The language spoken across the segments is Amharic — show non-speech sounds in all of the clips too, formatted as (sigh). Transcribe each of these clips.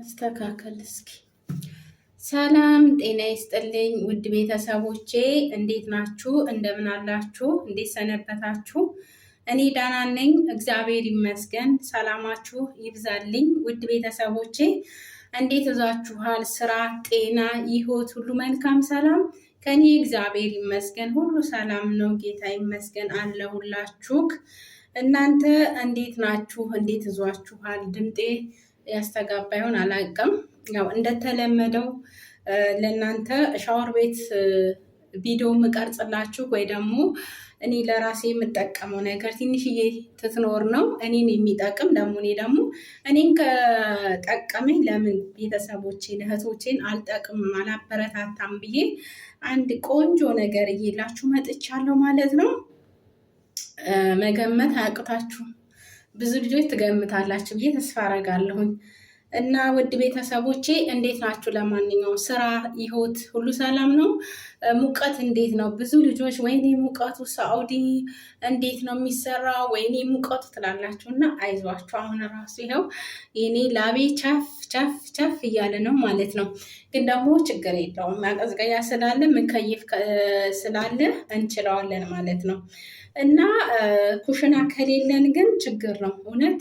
መስተካከል እስኪ። ሰላም ጤና ይስጥልኝ ውድ ቤተሰቦቼ፣ እንዴት ናችሁ? እንደምን አላችሁ? እንዴት ሰነበታችሁ? እኔ ዳና ነኝ፣ እግዚአብሔር ይመስገን። ሰላማችሁ ይብዛልኝ ውድ ቤተሰቦቼ፣ እንዴት እዛችኋል? ስራ፣ ጤና፣ ይሆት ሁሉ መልካም ሰላም ከኔ እግዚአብሔር ይመስገን፣ ሁሉ ሰላም ነው። ጌታ ይመስገን አለሁላችሁ። እናንተ እንዴት ናችሁ? እንዴት እዟችኋል? ድምጤ ያስተጋባ ይሆን አላውቅም። ያው እንደተለመደው ለእናንተ ሻወር ቤት ቪዲዮ የምቀርጽላችሁ ወይ ደግሞ እኔ ለራሴ የምጠቀመው ነገር ትንሽዬ ትትኖር ነው እኔን የሚጠቅም ደግሞ እኔ ደግሞ እኔን ከጠቀመኝ ለምን ቤተሰቦቼን እህቶቼን አልጠቅምም አላበረታታም ብዬ አንድ ቆንጆ ነገር እየላችሁ መጥቻለሁ ማለት ነው። መገመት አያቅታችሁም። ብዙ ልጆች ትገምታላችሁ ብዬ ተስፋ አረጋለሁኝ። እና ውድ ቤተሰቦቼ እንዴት ናችሁ? ለማንኛውም ስራ፣ ይሆት ሁሉ ሰላም ነው? ሙቀት እንዴት ነው? ብዙ ልጆች ወይኔ ሙቀቱ ሳኡዲ እንዴት ነው የሚሰራው? ወይኔ ሙቀቱ ትላላችሁ እና አይዟችሁ፣ አሁን ራሱ ይኸው የኔ ላቤ ቻፍ ቻፍ ቻፍ እያለ ነው ማለት ነው። ግን ደግሞ ችግር የለውም ማቀዝቀያ ስላለ ምንከይፍ ስላለ እንችለዋለን ማለት ነው። እና ኩሽና ከሌለን ግን ችግር ነው እውነት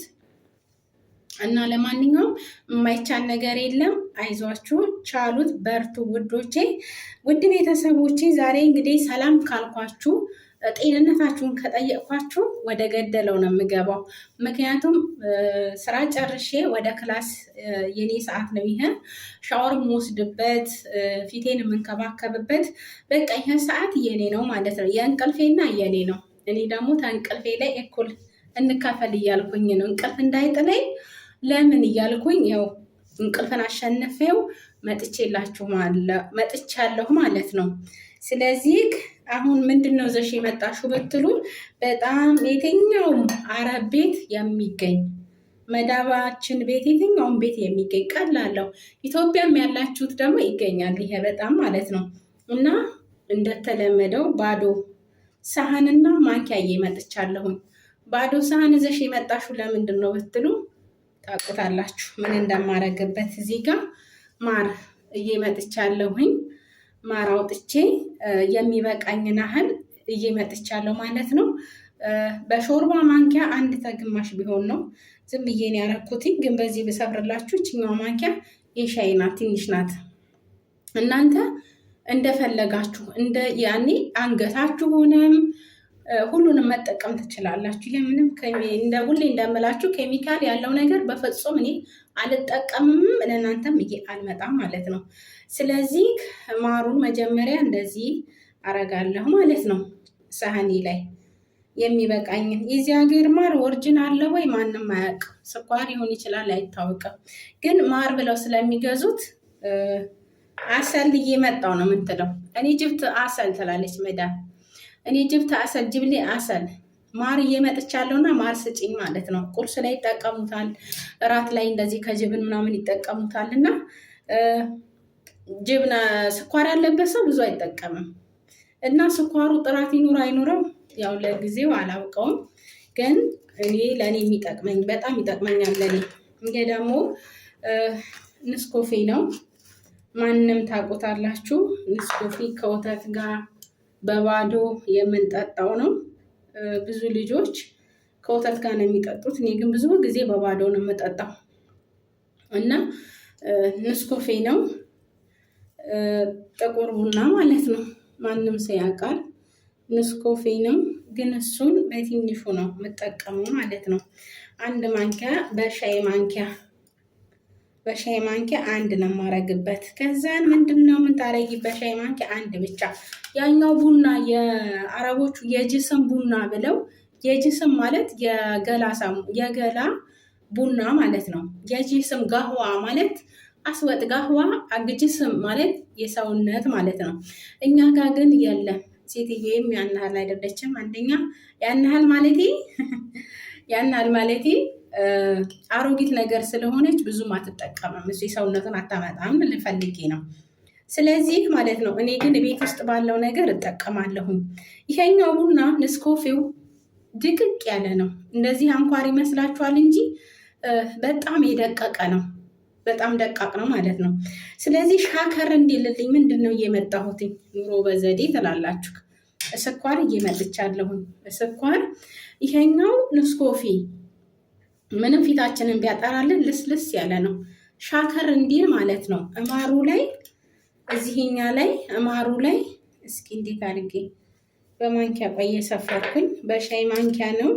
እና ለማንኛውም የማይቻል ነገር የለም። አይዟችሁ፣ ቻሉት፣ በርቱ ውዶቼ፣ ውድ ቤተሰቦቼ። ዛሬ እንግዲህ ሰላም ካልኳችሁ ጤንነታችሁን ከጠየቅኳችሁ ወደ ገደለው ነው የምገባው። ምክንያቱም ስራ ጨርሼ ወደ ክላስ የኔ ሰዓት ነው ይሄ። ሻወር የምወስድበት ፊቴን የምንከባከብበት በቃ ይሄ ሰዓት የኔ ነው ማለት ነው። የእንቅልፌና የኔ ነው። እኔ ደግሞ ተእንቅልፌ ላይ እኩል እንካፈል እያልኩኝ ነው እንቅልፍ እንዳይጥለኝ ለምን እያልኩኝ ያው እንቅልፍን አሸንፌው መጥቼላችሁ መጥቻለሁ ማለት ነው። ስለዚህ አሁን ምንድን ነው ዘሽ የመጣሽው ብትሉ በጣም የትኛውም አረብ ቤት የሚገኝ መዳባችን ቤት የትኛውም ቤት የሚገኝ ቀላለሁ ኢትዮጵያም ያላችሁት ደግሞ ይገኛል። ይሄ በጣም ማለት ነው እና እንደተለመደው ባዶ ሳህንና ማንኪያ እየመጥቻለሁኝ። ባዶ ሳህን ዘሽ የመጣሹ ለምንድን ነው ብትሉ ታውቁታላችሁ ምን እንደማደርግበት። እዚህ ጋር ማር እየመጥቻለሁኝ ማር አውጥቼ የሚበቃኝን ያህል እየመጥቻለሁ ማለት ነው። በሾርባ ማንኪያ አንድ ተግማሽ ቢሆን ነው ዝም ብዬ ነው ያደረኩትኝ። ግን በዚህ ብሰብርላችሁ ይችኛዋ ማንኪያ የሻይ ናት፣ ትንሽ ናት። እናንተ እንደፈለጋችሁ እንደ ያኔ አንገታችሁንም ሁሉንም መጠቀም ትችላላችሁ። ምንም እንደ ሁሌ እንደምላችሁ ኬሚካል ያለው ነገር በፈጹም እኔ አልጠቀምም፣ ለእናንተም ይሄ አልመጣም ማለት ነው። ስለዚህ ማሩን መጀመሪያ እንደዚህ አረጋለሁ ማለት ነው። ሳህኒ ላይ የሚበቃኝን የዚህ ሀገር ማር ወርጅን አለ ወይ ማንም አያውቅም። ስኳር ሊሆን ይችላል አይታወቅም። ግን ማር ብለው ስለሚገዙት አሰል እየመጣው ነው ምትለው እኔ ጅብት አሰል ትላለች መዳን እኔ ጅብት አሰል ጅብሌ አሰል ማር እየመጥቻለሁና ማር ስጭኝ ማለት ነው። ቁርስ ላይ ይጠቀሙታል፣ እራት ላይ እንደዚህ ከጅብን ምናምን ይጠቀሙታል። እና ጅብ ስኳር ያለበት ሰው ብዙ አይጠቀምም። እና ስኳሩ ጥራት ይኑር አይኑረው ያው ለጊዜው አላውቀውም፣ ግን እኔ ለእኔ የሚጠቅመኝ በጣም ይጠቅመኛል። ለእኔ እንጌ ደግሞ ንስኮፌ ነው። ማንም ታውቁታላችሁ። ንስኮፌ ከወተት ጋር በባዶ የምንጠጣው ነው። ብዙ ልጆች ከወተት ጋር ነው የሚጠጡት። እኔ ግን ብዙ ጊዜ በባዶ ነው የምጠጣው እና ንስኮፌ ነው ጥቁር ቡና ማለት ነው። ማንም ሰው ያውቃል። ንስኮፌ ነው ግን እሱን በትንሹ ነው የምጠቀመው ማለት ነው። አንድ ማንኪያ በሻይ ማንኪያ በሻይ ማንኪያ አንድ ነው የማረግበት። ከዛን ምንድን ነው ምን ታረጊ? በሻይ ማንኪያ አንድ ብቻ። ያኛው ቡና የአረቦቹ የጅስም ቡና ብለው የጅስም ማለት የገላ ቡና ማለት ነው። የጅስም ጋህዋ ማለት አስወጥ ጋህዋ አግጅስም ማለት የሰውነት ማለት ነው። እኛ ጋር ግን የለም። ሴትዬም ያናህል አይደለችም። አንደኛ ያናህል ያህል ማለቴ (laughs) ያን ማለቴ አሮጊት ነገር ስለሆነች ብዙም አትጠቀምም። እሱ የሰውነቱን አታመጣም ልፈልጌ ነው። ስለዚህ ማለት ነው እኔ ግን ቤት ውስጥ ባለው ነገር እጠቀማለሁም። ይሄኛው ቡና ንስኮፌው ድቅቅ ያለ ነው። እንደዚህ አንኳር ይመስላችኋል እንጂ በጣም የደቀቀ ነው። በጣም ደቃቅ ነው ማለት ነው። ስለዚህ ሻከር እንዲልልኝ ምንድን ነው እየመጣሁት ኑሮ በዘዴ ትላላችሁ። ስኳር እየመጥቻለሁኝ። ስኳር ይሄኛው ንስኮፌ ምንም ፊታችንን ቢያጠራልን ልስልስ ያለ ነው። ሻከር እንዲል ማለት ነው። እማሩ ላይ እዚህኛ ላይ እማሩ ላይ እስኪ እንዴት አድርጌ በማንኪያ ቆየ ሰፈርኩኝ። በሻይ ማንኪያ ነው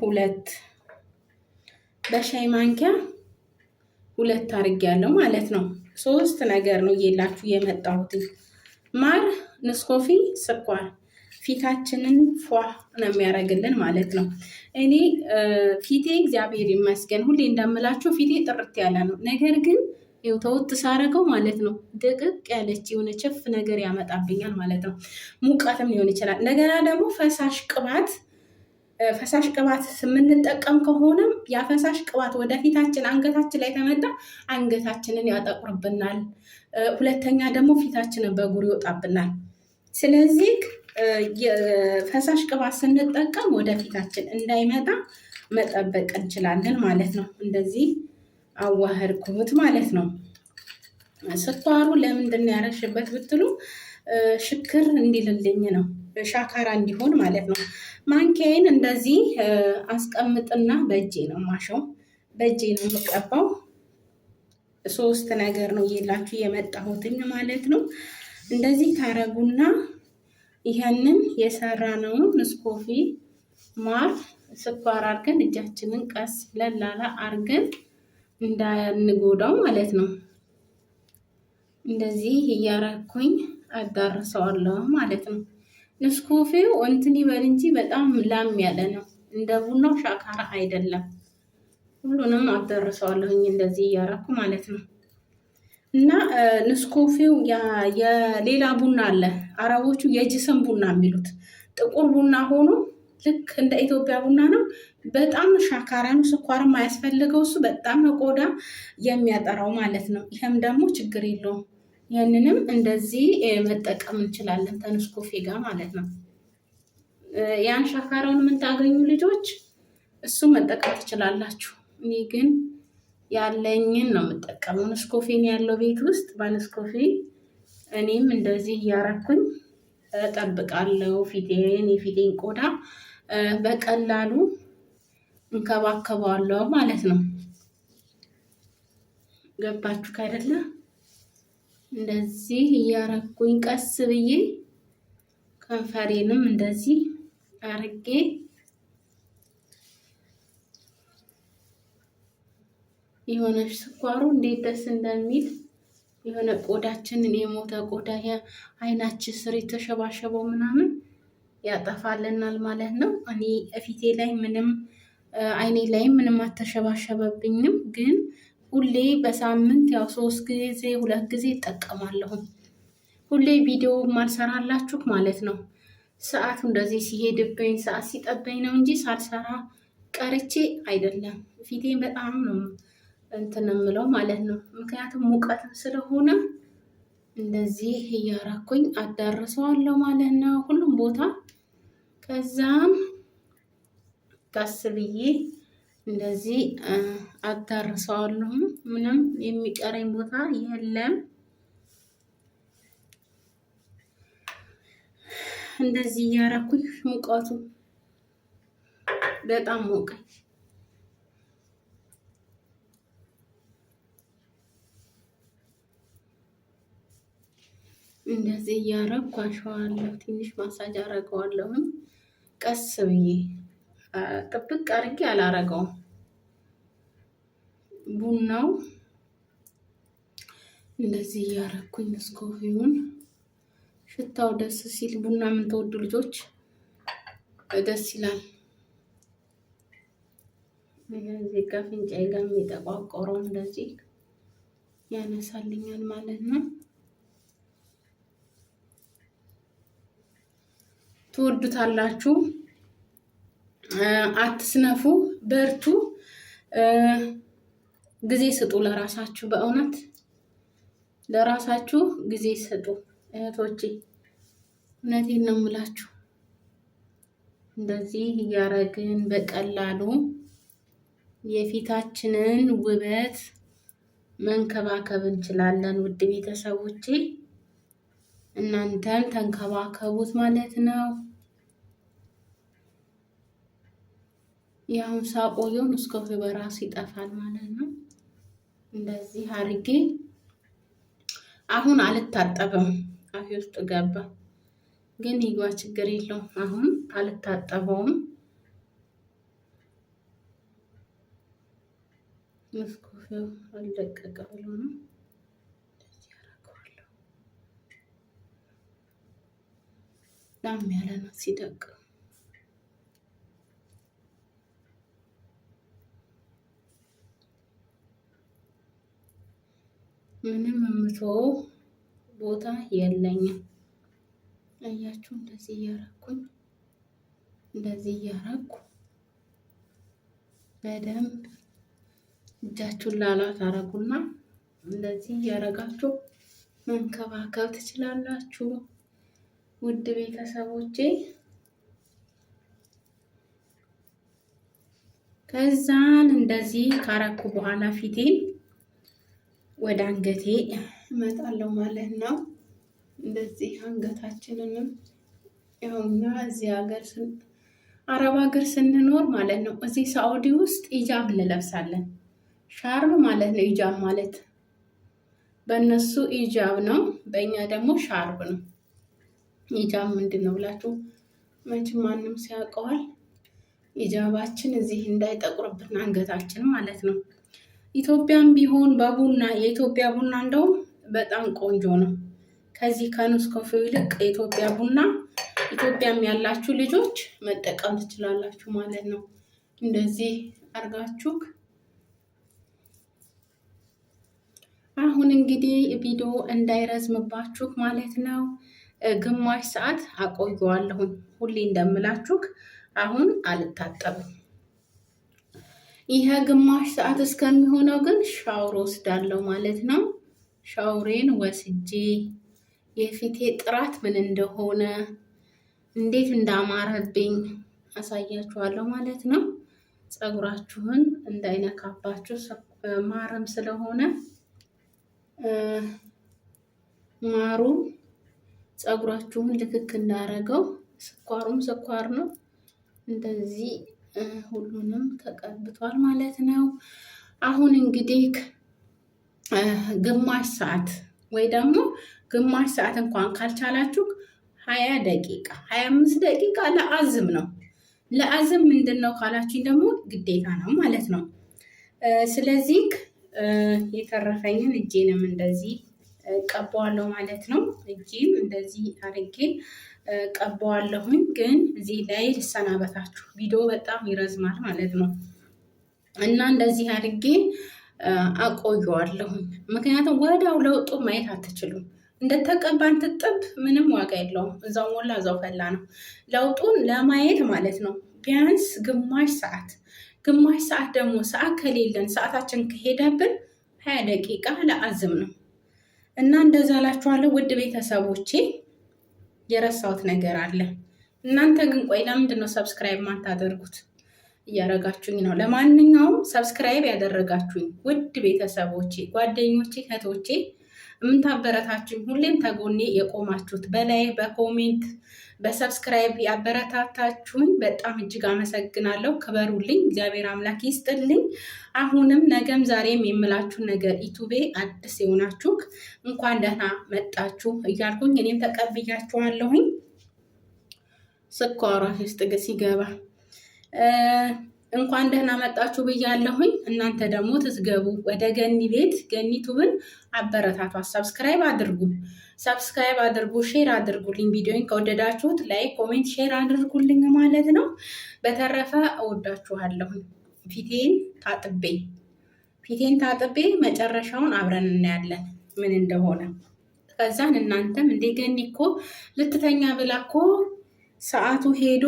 ሁለት በሻይ ማንኪያ ሁለት አድርጌ ያለው ማለት ነው። ሶስት ነገር ነው እየላችሁ የመጣሁት ማር፣ ንስኮፊ፣ ስኳር ፊታችንን ፏ ነው የሚያደርግልን ማለት ነው። እኔ ፊቴ እግዚአብሔር ይመስገን ሁሌ እንዳምላችሁ ፊቴ ጥርት ያለ ነው። ነገር ግን ይኸው ተውት ሳረገው ማለት ነው ድቅቅ ያለች የሆነ ችፍ ነገር ያመጣብኛል ማለት ነው። ሙቀትም ሊሆን ይችላል። እንደገና ደግሞ ፈሳሽ ቅባት ፈሳሽ ቅባት የምንጠቀም ከሆነም ያ ፈሳሽ ቅባት ወደ ፊታችን አንገታችን ላይ ተመጣ አንገታችንን ያጠቁርብናል። ሁለተኛ ደግሞ ፊታችንን በጉር ይወጣብናል። ስለዚህ ፈሳሽ ቅባት ስንጠቀም ወደፊታችን እንዳይመጣ መጠበቅ እንችላለን ማለት ነው። እንደዚህ አዋህድኩት ማለት ነው። ስኳሩ ለምንድን ነው ያረሽበት ብትሉ ሽክር እንዲልልኝ ነው፣ ሻካራ እንዲሆን ማለት ነው። ማንኪያዬን እንደዚህ አስቀምጥና በእጄ ነው ማሸው፣ በእጄ ነው የምቀባው። ሶስት ነገር ነው የላችሁ የመጣሁትኝ ማለት ነው። እንደዚህ ታረጉና ይህንን የሰራነውን ንስኮፊ ማር ስኳር አድርገን እጃችንን ቀስ ለላላ አርገን እንዳንጎዳው ማለት ነው። እንደዚህ እያረኩኝ አዳርሰዋለሁ ማለት ነው። ንስኮፊው እንትን ይበል እንጂ በጣም ላም ያለ ነው። እንደ ቡናው ሻካራ አይደለም። ሁሉንም አዳርሰዋለሁኝ እንደዚህ እያረኩ ማለት ነው። እና ንስኮፌው የሌላ ቡና አለ። አረቦቹ የጅስም ቡና የሚሉት ጥቁር ቡና ሆኖ ልክ እንደ ኢትዮጵያ ቡና ነው። በጣም ሻካራ ነው። ማያስፈልገው እሱ በጣም ቆዳ የሚያጠራው ማለት ነው። ይህም ደግሞ ችግር የለውም። ይህንንም እንደዚህ መጠቀም እንችላለን ከንስኮፌ ጋር ማለት ነው። ያን ሻካራውን የምታገኙ ልጆች እሱ መጠቀም ትችላላችሁ። እኔ ግን ያለኝን ነው የምጠቀመው። ነስኮፌን ያለው ቤት ውስጥ በንስኮፊ እኔም እንደዚህ እያረኩኝ እጠብቃለሁ። ፊቴን የፊቴን ቆዳ በቀላሉ እንከባከበዋለሁ ማለት ነው። ገባችሁ ካይደለ? እንደዚህ እያረኩኝ ቀስ ብዬ ከንፈሬንም እንደዚህ አርጌ የሆነች ስኳሩ እንዴት ደስ እንደሚል የሆነ ቆዳችንን የሞተ ቆዳ አይናችን ስር የተሸባሸበው ምናምን ያጠፋልናል ማለት ነው። እኔ ፊቴ ላይ ምንም አይኔ ላይ ምንም አተሸባሸበብኝም፣ ግን ሁሌ በሳምንት ያው ሶስት ጊዜ ሁለት ጊዜ ይጠቀማለሁ። ሁሌ ቪዲዮ ማልሰራላችሁ ማለት ነው። ሰዓቱ እንደዚህ ሲሄድብኝ ሰዓት ሲጠበኝ ነው እንጂ ሳልሰራ ቀርቼ አይደለም። ፊቴን በጣም ነው እንትን የምለው ማለት ነው። ምክንያቱም ሙቀት ስለሆነ እንደዚህ እያራኩኝ አዳርሰዋለሁ ማለት ነው፣ ሁሉም ቦታ። ከዛም ቀስ ብዬ እንደዚህ አዳርሰዋለሁ። ምንም የሚቀረኝ ቦታ የለም። እንደዚህ እያራኩኝ ሙቀቱ በጣም ሞቀኝ። እንደዚህ እያረግኩ አሸዋለሁ። ትንሽ ማሳጅ አረገዋለሁኝ ቀስ ብዬ ጥብቅ አርጌ አላረገውም። ቡናው እንደዚህ እያረኩኝ እስኮፊውን ሽታው ደስ ሲል ቡና ተወዱ ልጆች ደስ ይላል። እዚህ ጋ የሚጠቋቆረው እንደዚህ ያነሳልኛል ማለት ነው። ትወዱታላችሁ። አትስነፉ፣ በርቱ፣ ጊዜ ስጡ ለራሳችሁ። በእውነት ለራሳችሁ ጊዜ ስጡ እህቶቼ፣ እውነቴን ነው የምላችሁ። እንደዚህ እያረግን በቀላሉ የፊታችንን ውበት መንከባከብ እንችላለን። ውድ ቤተሰቦቼ እናንተም ተንከባከቡት ማለት ነው። ያሁን ሳቆየውን እስከ በራስ ይጠፋል ማለት ነው። እንደዚህ አርጌ አሁን አልታጠበም። አፊ ውስጥ ገባ፣ ግን ይጓ ችግር የለውም። አሁን አልታጠበውም። መስኮፌው አልለቀቀ ብሎ ነው ላም ያለ ነው ሲደቅ ምንም የምትወው ቦታ የለኝም። እያችሁ እንደዚህ እያረኩኝ እንደዚህ እያረኩ በደንብ እጃችሁን ላላ ታረጉና እንደዚህ እያረጋችሁ መንከባከብ ትችላላችሁ። ውድ ቤተሰቦቼ ከዛን እንደዚህ ካረኩ በኋላ ፊቴን ወደ አንገቴ እመጣለሁ ማለት ነው። እንደዚህ አንገታችንንም ያው እኛ እዚህ ሀገር አረብ ሀገር ስንኖር ማለት ነው። እዚህ ሳኡዲ ውስጥ ኢጃብ እንለብሳለን። ሻርብ ማለት ነው። ኢጃብ ማለት በእነሱ ኢጃብ ነው፣ በእኛ ደግሞ ሻርብ ነው። ኢጃብ ምንድን ነው ብላችሁ መቼም ማንም ሲያውቀዋል። ኢጃባችን እዚህ እንዳይጠቁርብን አንገታችን ማለት ነው። ኢትዮጵያም ቢሆን በቡና የኢትዮጵያ ቡና እንደውም በጣም ቆንጆ ነው። ከዚህ ኮፊ ይልቅ የኢትዮጵያ ቡና ኢትዮጵያም ያላችሁ ልጆች መጠቀም ትችላላችሁ ማለት ነው። እንደዚህ አርጋችሁ አሁን እንግዲህ ቪዲዮ እንዳይረዝምባችሁ ማለት ነው ግማሽ ሰዓት አቆየዋለሁኝ። ሁሌ እንደምላችሁ አሁን አልታጠብም። ይሄ ግማሽ ሰዓት እስከሚሆነው ግን ሻውር ወስዳለው ማለት ነው። ሻውሬን ወስጄ የፊቴ ጥራት ምን እንደሆነ እንዴት እንዳማረብኝ አሳያችኋለሁ ማለት ነው። ፀጉራችሁን እንዳይነካባችሁ ማርም ስለሆነ ማሩ ፀጉራችሁን ልክክ እንዳረገው፣ ስኳሩም ስኳር ነው እንደዚህ ሁሉንም ተቀብቷል ማለት ነው። አሁን እንግዲህ ግማሽ ሰዓት ወይ ደግሞ ግማሽ ሰዓት እንኳን ካልቻላችሁ ሀያ ደቂቃ ሀያ አምስት ደቂቃ ለአዝም ነው። ለአዝም ምንድን ነው ካላችሁኝ ደግሞ ግዴታ ነው ማለት ነው። ስለዚህ የተረፈኝን እጄንም እንደዚህ ቀባዋለሁ ማለት ነው። እጄም እንደዚህ አድርጌ ቀባዋለሁኝ። ግን እዚህ ላይ ልሰናበታችሁ፣ ቪዲዮ በጣም ይረዝማል ማለት ነው እና እንደዚህ አድርጌ አቆየዋለሁኝ። ምክንያቱም ወዳው ለውጡ ማየት አትችሉም። እንደተቀባን ትጥብ ምንም ዋጋ የለውም። እዛው ሞላ እዛው ፈላ ነው ለውጡን ለማየት ማለት ነው። ቢያንስ ግማሽ ሰዓት ግማሽ ሰዓት ደግሞ ሰዓት ከሌለን ሰዓታችን ከሄደብን ሀያ ደቂቃ ለአዝም ነው እና እንደዛ ላችኋለሁ ውድ ቤተሰቦቼ። የረሳሁት ነገር አለ። እናንተ ግን ቆይ ለምንድን ነው ሰብስክራይብ ማታደርጉት? እያረጋችሁኝ ነው። ለማንኛውም ሰብስክራይብ ያደረጋችሁኝ ውድ ቤተሰቦቼ፣ ጓደኞቼ፣ እህቶቼ የምታበረታችሁኝ ሁሌም ተጎኔ የቆማችሁት በላይ በኮሜንት በሰብስክራይብ ያበረታታችሁኝ በጣም እጅግ አመሰግናለሁ። ክበሩልኝ፣ እግዚአብሔር አምላክ ይስጥልኝ። አሁንም ነገም ዛሬም የምላችሁ ነገር ኢቱቤ አዲስ የሆናችሁ እንኳን ደህና መጣችሁ እያልኩኝ እኔም ተቀብያችኋለሁኝ። ስኳሯ ውስጥ ሲገባ እንኳን ደህና መጣችሁ ብያለሁኝ። እናንተ ደግሞ ትስገቡ ወደ ገኒ ቤት ገኒቱብን አበረታቷ፣ ሰብስክራይብ አድርጉ። ሰብስክራይብ አድርጉ፣ ሼር አድርጉልኝ። ቪዲዮን ከወደዳችሁት ላይ ኮሜንት፣ ሼር አድርጉልኝ ማለት ነው። በተረፈ እወዳችኋለሁ። ፊቴን ታጥቤ ፊቴን ታጥቤ መጨረሻውን አብረን እናያለን ምን እንደሆነ። ከዛን እናንተም እንደገኒ እኮ ልትተኛ ብላ እኮ ሰዓቱ ሄዶ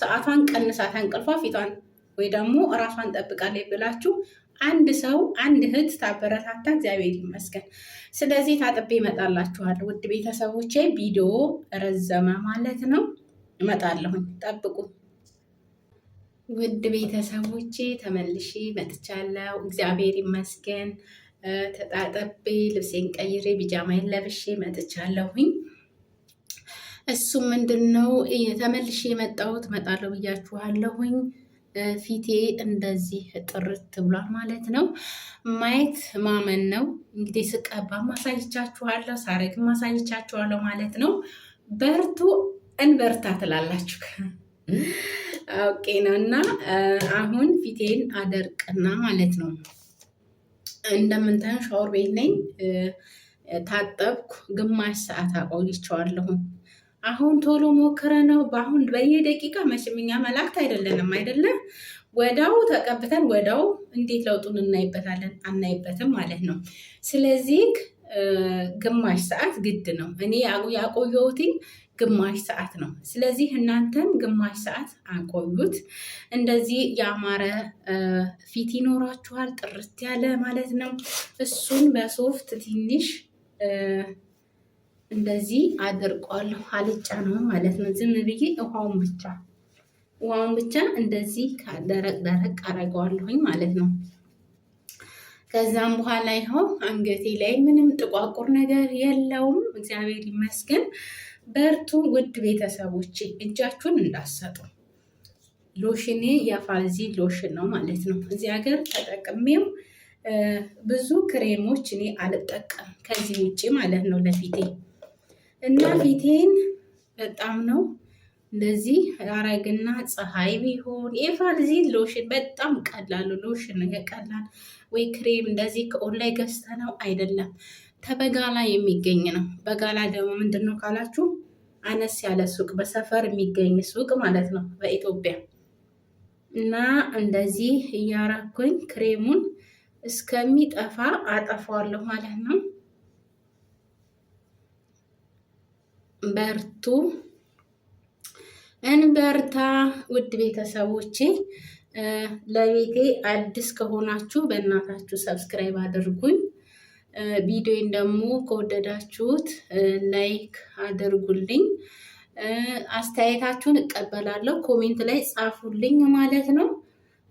ሰዓቷን ቀንሳት እንቅልፏ ፊቷን ወይ ደግሞ እራሷን ጠብቃለች ብላችሁ አንድ ሰው አንድ እህት ታበረታታ፣ እግዚአብሔር ይመስገን። ስለዚህ ታጥቤ እመጣላችኋለሁ ውድ ቤተሰቦቼ። ቪዲዮ ረዘመ ማለት ነው፣ እመጣለሁኝ፣ ጠብቁ ውድ ቤተሰቦቼ። ተመልሼ መጥቻለሁ፣ እግዚአብሔር ይመስገን። ተጣጥቤ ልብሴን ቀይሬ ቢጃማዬን ለብሼ መጥቻለሁኝ። እሱም ምንድን ነው ተመልሼ የመጣሁት እመጣለሁ ብያችኋለሁኝ። ፊቴ እንደዚህ ጥርት ብሏል ማለት ነው። ማየት ማመን ነው። እንግዲህ ስቀባ ማሳይቻችኋለሁ፣ ሳረግ ማሳይቻችኋለሁ ማለት ነው። በርቱ እንበርታ ትላላችሁ። ኦኬ ነው እና አሁን ፊቴን አደርቅና ማለት ነው እንደምንታየው ሻወር ቤት ነኝ። ታጠብኩ፣ ግማሽ ሰዓት አቆይቸዋለሁ አሁን ቶሎ ሞክረ ነው በአሁን በየደቂቃ መቼም እኛ መላእክት አይደለንም አይደለም። ወዳው ተቀብተን ወዳው እንዴት ለውጡን እናይበታለን አናይበትም ማለት ነው። ስለዚህ ግማሽ ሰዓት ግድ ነው። እኔ ያቆየሁትኝ ግማሽ ሰዓት ነው። ስለዚህ እናንተም ግማሽ ሰዓት አቆዩት። እንደዚህ ያማረ ፊት ይኖራችኋል፣ ጥርት ያለ ማለት ነው። እሱን በሶፍት ትንሽ እንደዚህ አድርቋለሁ። አልጫ ነው ማለት ነው። ዝም ብዬ ውሃውን ብቻ ውሃውን ብቻ እንደዚህ ደረቅ ደረቅ አረገዋለሁኝ ማለት ነው። ከዛም በኋላ ይኸው አንገቴ ላይ ምንም ጥቋቁር ነገር የለውም። እግዚአብሔር ይመስገን። በርቱ ውድ ቤተሰቦች እጃችሁን እንዳሰጡ። ሎሽኔ የፋዚ ሎሽን ነው ማለት ነው። እዚህ ሀገር ተጠቅሜው ብዙ ክሬሞች እኔ አልጠቀም ከዚህ ውጭ ማለት ነው ለፊቴ እና ፊቴን በጣም ነው እንደዚህ አረግና ፀሐይ ቢሆን የፋልዚን ሎሽን በጣም ቀላሉ ሎሽን ቀላል ወይ ክሬም እንደዚህ ላይ ገዝተ ነው አይደለም፣ ተበጋላ የሚገኝ ነው። በጋላ ደግሞ ምንድን ነው ካላችሁ አነስ ያለ ሱቅ በሰፈር የሚገኝ ሱቅ ማለት ነው በኢትዮጵያ እና እንደዚህ እያረኩኝ ክሬሙን እስከሚጠፋ አጠፋዋለሁ ማለት ነው። በርቱ እንበርታ። ውድ ቤተሰቦቼ ለቤቴ አዲስ ከሆናችሁ በእናታችሁ ሰብስክራይብ አድርጉኝ። ቪዲዮን ደግሞ ከወደዳችሁት ላይክ አድርጉልኝ። አስተያየታችሁን እቀበላለሁ። ኮሜንት ላይ ጻፉልኝ ማለት ነው፣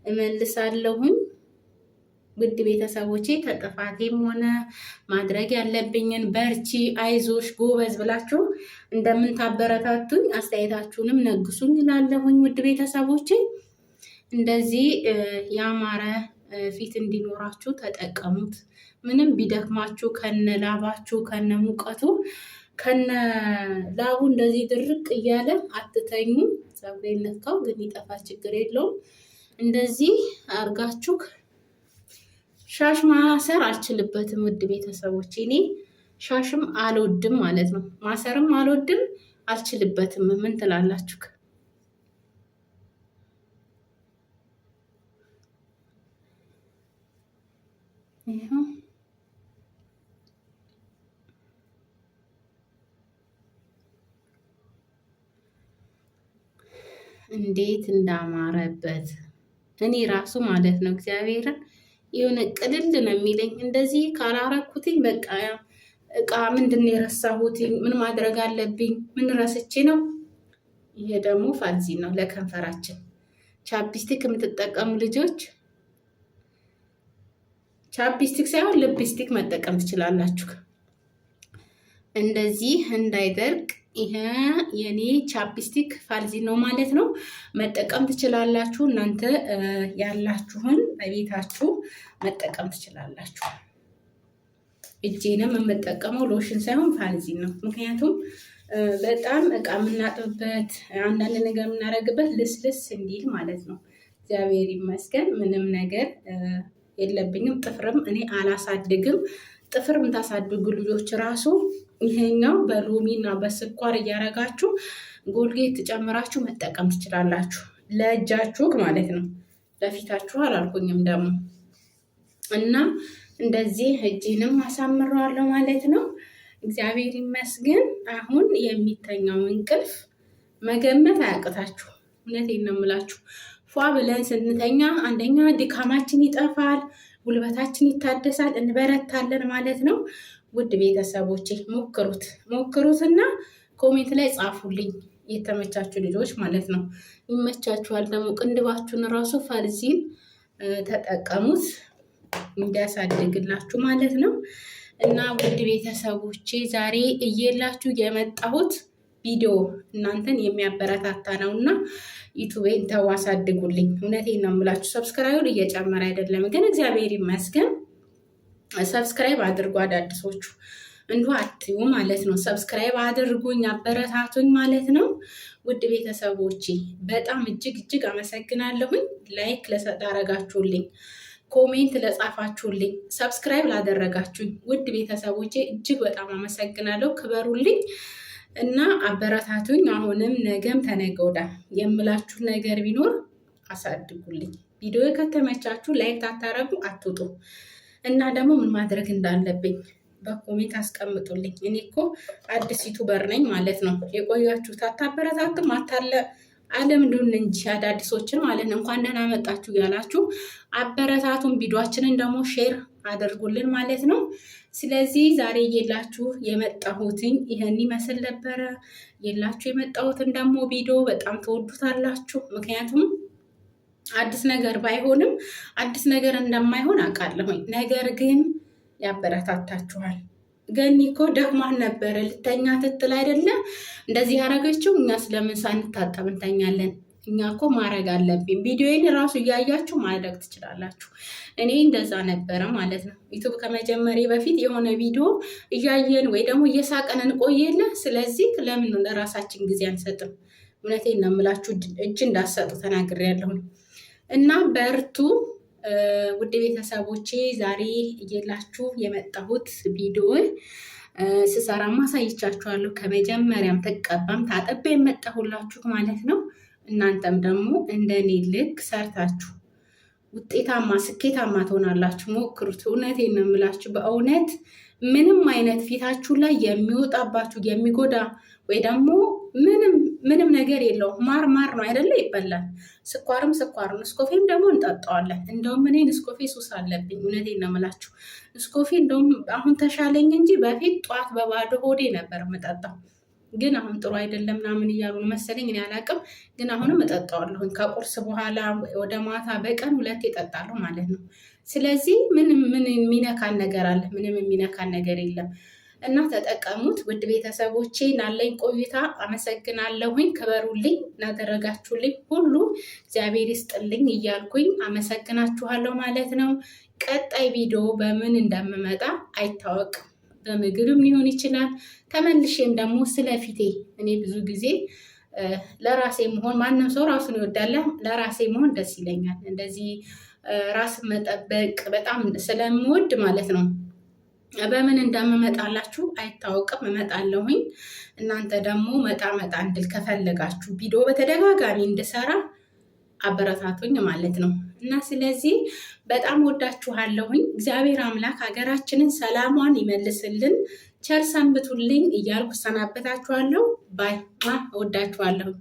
እመልሳለሁኝ። ውድ ቤተሰቦቼ ከጥፋቴም ሆነ ማድረግ ያለብኝን በርቺ፣ አይዞሽ፣ ጎበዝ ብላችሁ እንደምንታበረታቱኝ አስተያየታችሁንም ነግሱኝ እላለሁኝ። ውድ ቤተሰቦቼ እንደዚህ ያማረ ፊት እንዲኖራችሁ ተጠቀሙት። ምንም ቢደክማችሁ ከነ ላባችሁ ከነ ሙቀቱ ከነ ላቡ እንደዚህ ድርቅ እያለ አትተኙ። ጸጉሬ ነካው ግን ይጠፋ ችግር የለውም። እንደዚህ አርጋችሁ ሻሽ ማሰር አልችልበትም። ውድ ቤተሰቦች እኔ ሻሽም አልወድም ማለት ነው፣ ማሰርም አልወድም አልችልበትም። ምን ትላላችሁ? እንዴት እንዳማረበት እኔ ራሱ ማለት ነው እግዚአብሔርን የሆነ ቅልል ነው የሚለኝ። እንደዚህ ካላረኩትኝ በቃ እቃ ምንድን ነው የረሳሁት? ምን ማድረግ አለብኝ? ምን ረስቼ ነው? ይሄ ደግሞ ፋዚ ነው ለከንፈራችን። ቻፕስቲክ የምትጠቀሙ ልጆች ቻፕስቲክ ሳይሆን ልፕስቲክ መጠቀም ትችላላችሁ። እንደዚህ እንዳይደርቅ ይሄ የኔ ቻፕስቲክ ፋልዚ ነው ማለት ነው። መጠቀም ትችላላችሁ። እናንተ ያላችሁን በቤታችሁ መጠቀም ትችላላችሁ። እጄንም የምጠቀመው ሎሽን ሳይሆን ፋልዚ ነው። ምክንያቱም በጣም እቃ የምናጥብበት አንዳንድ ነገር የምናደርግበት ልስልስ እንዲል ማለት ነው። እግዚአብሔር ይመስገን ምንም ነገር የለብኝም። ጥፍርም እኔ አላሳድግም። ጥፍር የምታሳድጉ ልጆች ራሱ ይሄኛው በሮሚ እና በስኳር እያረጋችሁ ጎልጌት ጨምራችሁ መጠቀም ትችላላችሁ። ለእጃችሁ ማለት ነው፣ ለፊታችሁ አላልኩኝም ደግሞ እና እንደዚህ እጅንም አሳምረዋለሁ ማለት ነው። እግዚአብሔር ይመስገን። አሁን የሚተኛው እንቅልፍ መገመት አያቅታችሁ። እውነቴን ነው የምላችሁ። ፏ ብለን ስንተኛ አንደኛ ድካማችን ይጠፋል፣ ጉልበታችን ይታደሳል፣ እንበረታለን ማለት ነው። ውድ ቤተሰቦቼ ሞክሩት ሞክሩትና ኮሜንት ላይ ጻፉልኝ። የተመቻችሁ ልጆች ማለት ነው። ይመቻችኋል። ደግሞ ቅንድባችሁን ራሱ ፈርዚን ተጠቀሙት እንዲያሳድግላችሁ ማለት ነው። እና ውድ ቤተሰቦቼ ዛሬ እየላችሁ የመጣሁት ቪዲዮ እናንተን የሚያበረታታ ነው እና ዩቱቤን ተዋሳድጉልኝ እውነቴን ነው የምላችሁ። ሰብስክራይብ እየጨመረ አይደለም ግን እግዚአብሔር ይመስገን ሰብስክራይብ አድርጉ አዳዲሶቹ እንዱ አትዩ ማለት ነው። ሰብስክራይብ አድርጉኝ አበረታቱኝ ማለት ነው። ውድ ቤተሰቦች በጣም እጅግ እጅግ አመሰግናለሁኝ። ላይክ ላረጋችሁልኝ፣ ኮሜንት ለጻፋችሁልኝ፣ ሰብስክራይብ ላደረጋችሁኝ ውድ ቤተሰቦቼ እጅግ በጣም አመሰግናለሁ። ክበሩልኝ እና አበረታቱኝ። አሁንም ነገም ተነገውዳ የምላችሁ ነገር ቢኖር አሳድጉልኝ። ቪዲዮ ከተመቻችሁ ላይክ ታታረጉ አትውጡ እና ደግሞ ምን ማድረግ እንዳለብኝ በኮሜንት አስቀምጡልኝ። እኔ እኮ አዲስ ዩቱበር ነኝ ማለት ነው። የቆያችሁት አታበረታትም አታለ አለምዱን እንጂ አዳዲሶችን ማለት እንኳን ደህና መጣችሁ ያላችሁ አበረታቱን። ቪዲዮችንን ደግሞ ሼር አድርጉልን ማለት ነው። ስለዚህ ዛሬ የላችሁ የመጣሁትኝ ይህን ይመስል ነበረ። የላችሁ የመጣሁትን ደግሞ ቪዲዮ በጣም ተወዱታላችሁ ምክንያቱም አዲስ ነገር ባይሆንም አዲስ ነገር እንደማይሆን አውቃለሁኝ። ነገር ግን ያበረታታችኋል። ገኒ እኮ ደክሟን ነበረ ልተኛ ትትል አይደለ እንደዚህ ያደረገችው፣ እኛ ስለምን ሳንታጠብ እንተኛለን? እኛ እኮ ማድረግ አለብኝ። ቪዲዮዬን ራሱ እያያችሁ ማድረግ ትችላላችሁ። እኔ እንደዛ ነበረ ማለት ነው። ዩቱብ ከመጀመሪ በፊት የሆነ ቪዲዮ እያየን ወይ ደግሞ እየሳቀን እንቆየለ። ስለዚህ ለምን ለራሳችን ጊዜ አንሰጥም? እውነቴን ነው የምላችሁ። እጅ እንዳሰጡ ተናግሬያለሁኝ። እና በርቱ ውድ ቤተሰቦቼ። ዛሬ እየላችሁ የመጣሁት ቪዲዮን ስሰራ ማሳይቻችኋለሁ። ከመጀመሪያም ተቀባም ታጠባ የመጣሁላችሁ ማለት ነው። እናንተም ደግሞ እንደኔ ልክ ሰርታችሁ ውጤታማ ስኬታማ ትሆናላችሁ። ሞክሩት። እውነት የምምላችሁ በእውነት ምንም አይነት ፊታችሁ ላይ የሚወጣባችሁ የሚጎዳ ወይ ደግሞ ምንም ምንም ነገር የለው። ማር ማር ነው አይደለ? ይበላል። ስኳርም ስኳር ነው። ደግሞ እንጠጣዋለን። እንደውም እኔ ንስኮፌ ሱስ አለብኝ። እውነቴን ነው የምላችሁ። እስኮፌ እንደውም አሁን ተሻለኝ እንጂ በፊት ጠዋት በባዶ ሆዴ ነበር የምጠጣው። ግን አሁን ጥሩ አይደለም ምናምን እያሉ መሰለኝ፣ እኔ አላቅም። ግን አሁንም እጠጣዋለሁኝ ከቁርስ በኋላ ወደ ማታ፣ በቀን ሁለት እጠጣለሁ ማለት ነው። ስለዚህ ምንም ምን የሚነካን ነገር አለ? ምንም የሚነካን ነገር የለም። እና ተጠቀሙት። ውድ ቤተሰቦቼ ናለኝ ቆይታ አመሰግናለሁኝ። ክበሩልኝ፣ ናደረጋችሁልኝ ሁሉ እግዚአብሔር ይስጥልኝ እያልኩኝ አመሰግናችኋለሁ ማለት ነው። ቀጣይ ቪዲዮ በምን እንደምመጣ አይታወቅም። በምግብም ሊሆን ይችላል። ተመልሼም ደግሞ ስለፊቴ እኔ ብዙ ጊዜ ለራሴ መሆን ማንም ሰው ራሱን ይወዳለ። ለራሴ መሆን ደስ ይለኛል። እንደዚህ ራስ መጠበቅ በጣም ስለምወድ ማለት ነው። በምን እንደምመጣላችሁ አይታወቅም። እመጣለሁኝ። እናንተ ደግሞ መጣ መጣ እንድል ከፈለጋችሁ ቪዲዮ በተደጋጋሚ እንድሰራ አበረታቶኝ ማለት ነው እና ስለዚህ በጣም ወዳችኋለሁኝ። እግዚአብሔር አምላክ ሀገራችንን ሰላሟን ይመልስልን። ቸር ሰንብቱልኝ እያልኩ ሰናበታችኋለሁ። ባይ ወዳችኋለሁኝ።